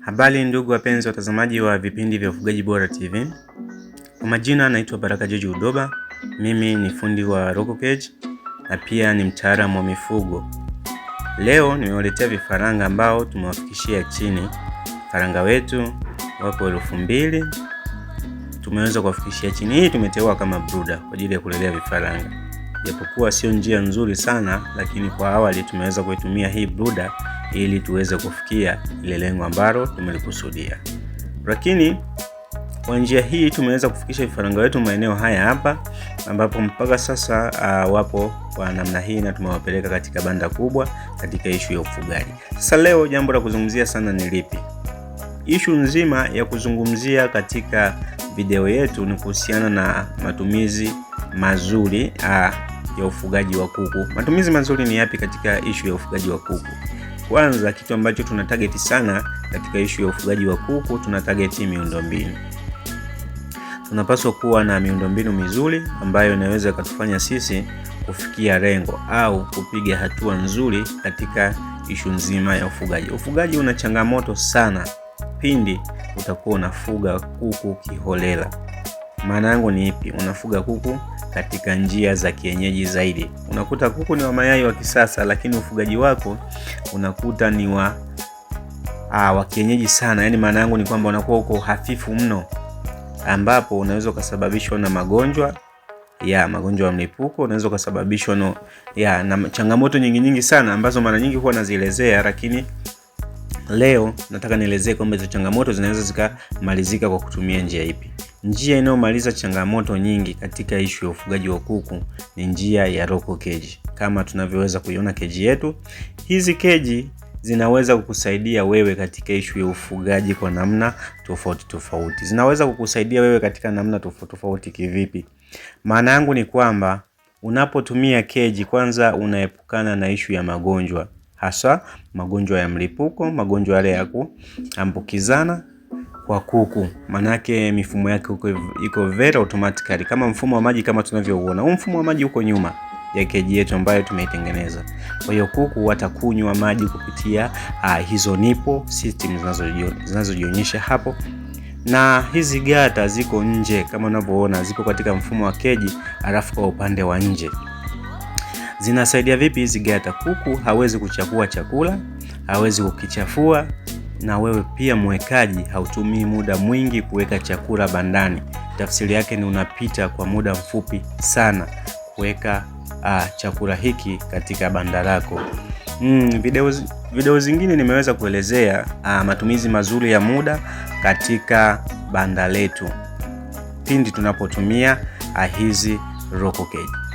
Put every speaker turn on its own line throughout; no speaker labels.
Habari ndugu wapenzi watazamaji wa vipindi vya ufugaji bora TV. Kwa majina naitwa Baraka Joji Udoba. Mimi ni fundi wa Roco Cage na pia ni mtaalamu wa mifugo. Leo nimewaletea vifaranga ambao tumewafikishia chini. Faranga wetu wapo elfu mbili tumeweza kuwafikishia chini. Hii tumeteua kama bruda kwa ajili ya kulelea vifaranga, japokuwa sio njia nzuri sana, lakini kwa awali tumeweza kuitumia hii bruda ili tuweze kufikia ile lengo ambalo tumelikusudia. Lakini kwa njia hii tumeweza kufikisha vifaranga wetu maeneo haya hapa, ambapo mpaka sasa uh, wapo kwa namna hii na tumewapeleka katika banda kubwa katika ishu ya ufugaji. Sasa leo jambo la kuzungumzia sana ni lipi? Ishu nzima ya kuzungumzia katika video yetu ni kuhusiana na matumizi mazuri uh, ya ufugaji wa kuku. Matumizi mazuri ni yapi katika ishu ya ufugaji wa kuku? Kwanza kitu ambacho tuna target sana katika ishu ya ufugaji wa kuku, tuna target miundombinu. Tunapaswa kuwa na miundombinu mizuri ambayo inaweza ikatufanya sisi kufikia lengo au kupiga hatua nzuri katika ishu nzima ya ufugaji. Ufugaji una changamoto sana pindi utakuwa unafuga kuku kiholela. Maana yangu ni ipi? Unafuga kuku katika njia za kienyeji zaidi. Unakuta kuku ni wa mayai wa kisasa, lakini ufugaji wako unakuta ni wa aa, wa kienyeji sana. Yaani maana yangu ni kwamba unakuwa uko hafifu mno, ambapo unaweza ukasababishwa na magonjwa ya magonjwa ya mlipuko, unaweza ukasababishwa no, na changamoto nyingi nyingi sana ambazo mara nyingi huwa nazielezea, lakini Leo nataka nielezee kwamba hizo changamoto zinaweza zikamalizika kwa kutumia njia ipi. Njia inayomaliza changamoto nyingi katika ishu ya ufugaji wa kuku ni njia ya roko keji, kama tunavyoweza kuiona keji yetu. Hizi keji zinaweza kukusaidia wewe katika ishu ya ufugaji kwa namna tofauti tofauti. Zinaweza kukusaidia wewe katika namna tofauti tofauti. Kivipi? Maana yangu ni kwamba unapotumia keji, kwanza unaepukana na ishu ya magonjwa hasa magonjwa ya mlipuko, magonjwa yale ya kuambukizana kwa kuku, manake mifumo yake iko very automatically, kama mfumo wa maji kama tunavyouona. Huu mfumo wa maji uko nyuma ya keji yetu ambayo tumeitengeneza. Kwa hiyo kuku watakunywa maji kupitia uh, hizo nipo system zinazojionyesha hapo, na hizi gata ziko nje kama unavyoona, ziko katika mfumo wa keji, alafu kwa upande wa nje Zinasaidia vipi hizi gata? Kuku hawezi kuchafua chakula, hawezi kukichafua, na wewe pia mwekaji hautumii muda mwingi kuweka chakula bandani. Tafsiri yake ni unapita kwa muda mfupi sana kuweka uh, chakula hiki katika banda lako. Mm, video, video zingine nimeweza kuelezea uh, matumizi mazuri ya muda katika banda letu pindi tunapotumia uh, hizi roko cage.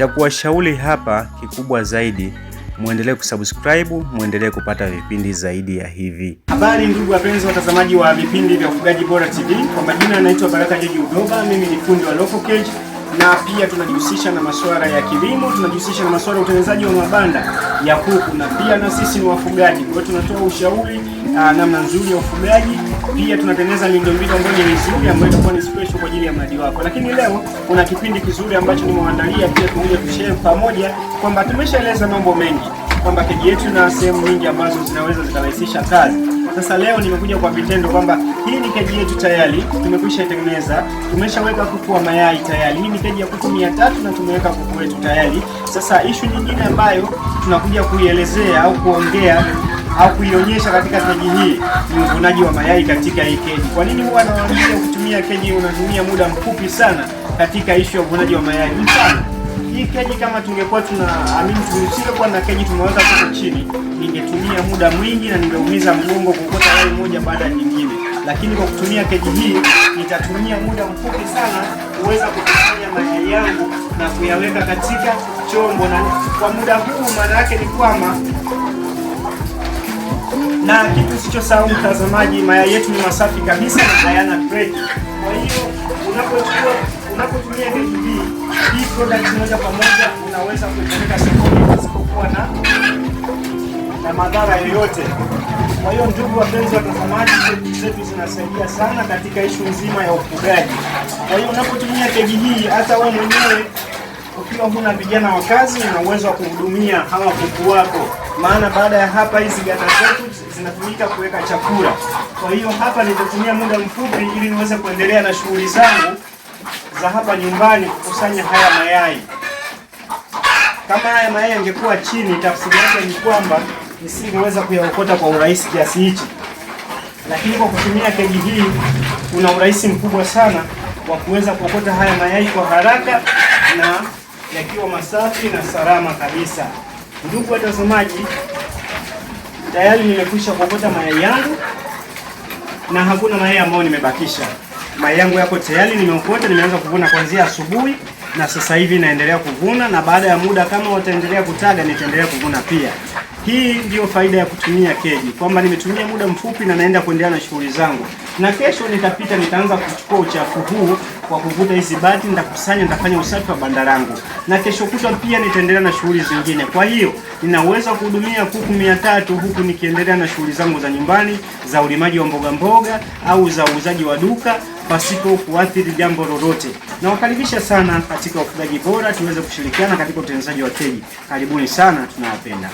Cha kuwashauri hapa kikubwa zaidi, muendelee kusubscribe, muendelee kupata vipindi zaidi ya hivi. Habari
ndugu wapenzi watazamaji wa vipindi vya Ufugaji Bora TV, kwa majina anaitwa Baraka Jeji Udoba, mimi ni fundi wa local cage na pia tunajihusisha na masuala ya kilimo, tunajihusisha na masuala ya utengenezaji wa mabanda ya kuku, na pia na sisi ni wafugaji, kwa hiyo tunatoa ushauri Ah, namna nzuri ya ufugaji. Pia tunatengeneza miundombinu ambayo ni mizuri ambayo itakuwa ni special kwa ajili ya mradi wako. Lakini leo kuna kipindi kizuri ambacho nimewaandalia, pia tumoja tushare pamoja kwamba tumeshaeleza mambo mengi kwamba keji yetu ina sehemu nyingi ambazo zinaweza zikarahisisha kazi. Sasa leo nimekuja kwa vitendo kwamba hii ni keji yetu tayari, tumekwisha itengeneza, tumeshaweka kuku wa mayai tayari. Hii ni keji ya kuku mia tatu na tumeweka kuku wetu tayari. Sasa ishu nyingine ambayo tunakuja kuielezea au kuongea au kuionyesha katika keji hii ni uvunaji wa mayai katika hii keji. Kwa nini huwa nawaambia kutumia keji, unatumia muda mfupi sana katika ishu ya uvunaji wa mayai? Mfano hii keji, kama tungekuwa tuna amini, tusingekuwa na keji, tumeweza kuko chini, ningetumia muda mwingi na ningeumiza mgongo kukota yai moja baada ya nyingine, lakini kwa kutumia keji hii nitatumia muda mfupi sana kuweza kukusanya mayai yangu na kuyaweka katika chombo, na kwa muda huu maana yake ni kwamba na kitu sawa, mtazamaji, mayai yetu ni masafi kabisa na hayana kreti. Kwa hiyo unapokuwa unapotumia BBB hii product moja kwa moja unaweza kupeleka sokoni usipokuwa na na madhara yoyote. Kwa hiyo ndugu wapenzi watazamaji, mbegu zetu zinasaidia sana katika ishu nzima ya ufugaji. Kwa hiyo unapotumia keji hii, hata wewe mwenyewe ukiwa huna vijana wa kazi, una uwezo wa kuhudumia hawa kuku wako maana baada ya hapa hizi ganda zetu zinatumika kuweka chakula. Kwa hiyo hapa nitatumia muda mfupi ili niweze kuendelea na shughuli zangu za hapa nyumbani kukusanya haya mayai. Kama haya mayai yangekuwa chini, tafsiri yake ni kwamba nisingeweza kuyaokota kwa urahisi kiasi hichi, lakini kwa kutumia keji hii kuna urahisi mkubwa sana wa kuweza kuokota haya mayai kwa haraka na yakiwa masafi na salama kabisa. Ndugu watazamaji, tayari nimekwisha kuokota mayai yangu na hakuna mayai ambayo nimebakisha. Mayai yangu yako tayari, nimeokota, nimeanza kuvuna kuanzia asubuhi na sasa hivi naendelea kuvuna, na baada ya muda kama wataendelea kutaga nitaendelea kuvuna pia. Hii ndiyo faida ya kutumia keji, kwamba nimetumia muda mfupi na naenda kuendelea na shughuli zangu, na kesho nitapita, nitaanza kuchukua uchafu huu kwa kuvuta hizi bati, nitakusanya, nitafanya usafi wa banda langu, na kesho kutwa pia nitaendelea na shughuli zingine. Kwa hiyo ninaweza kuhudumia kuku mia tatu huku nikiendelea na shughuli zangu za nyumbani za ulimaji wa mboga mboga au za uuzaji wa duka pasipo kuathiri jambo lolote.
Nawakaribisha sana katika ufugaji bora, tuweze kushirikiana katika utengenezaji wa keji. Karibuni sana, tunawapenda.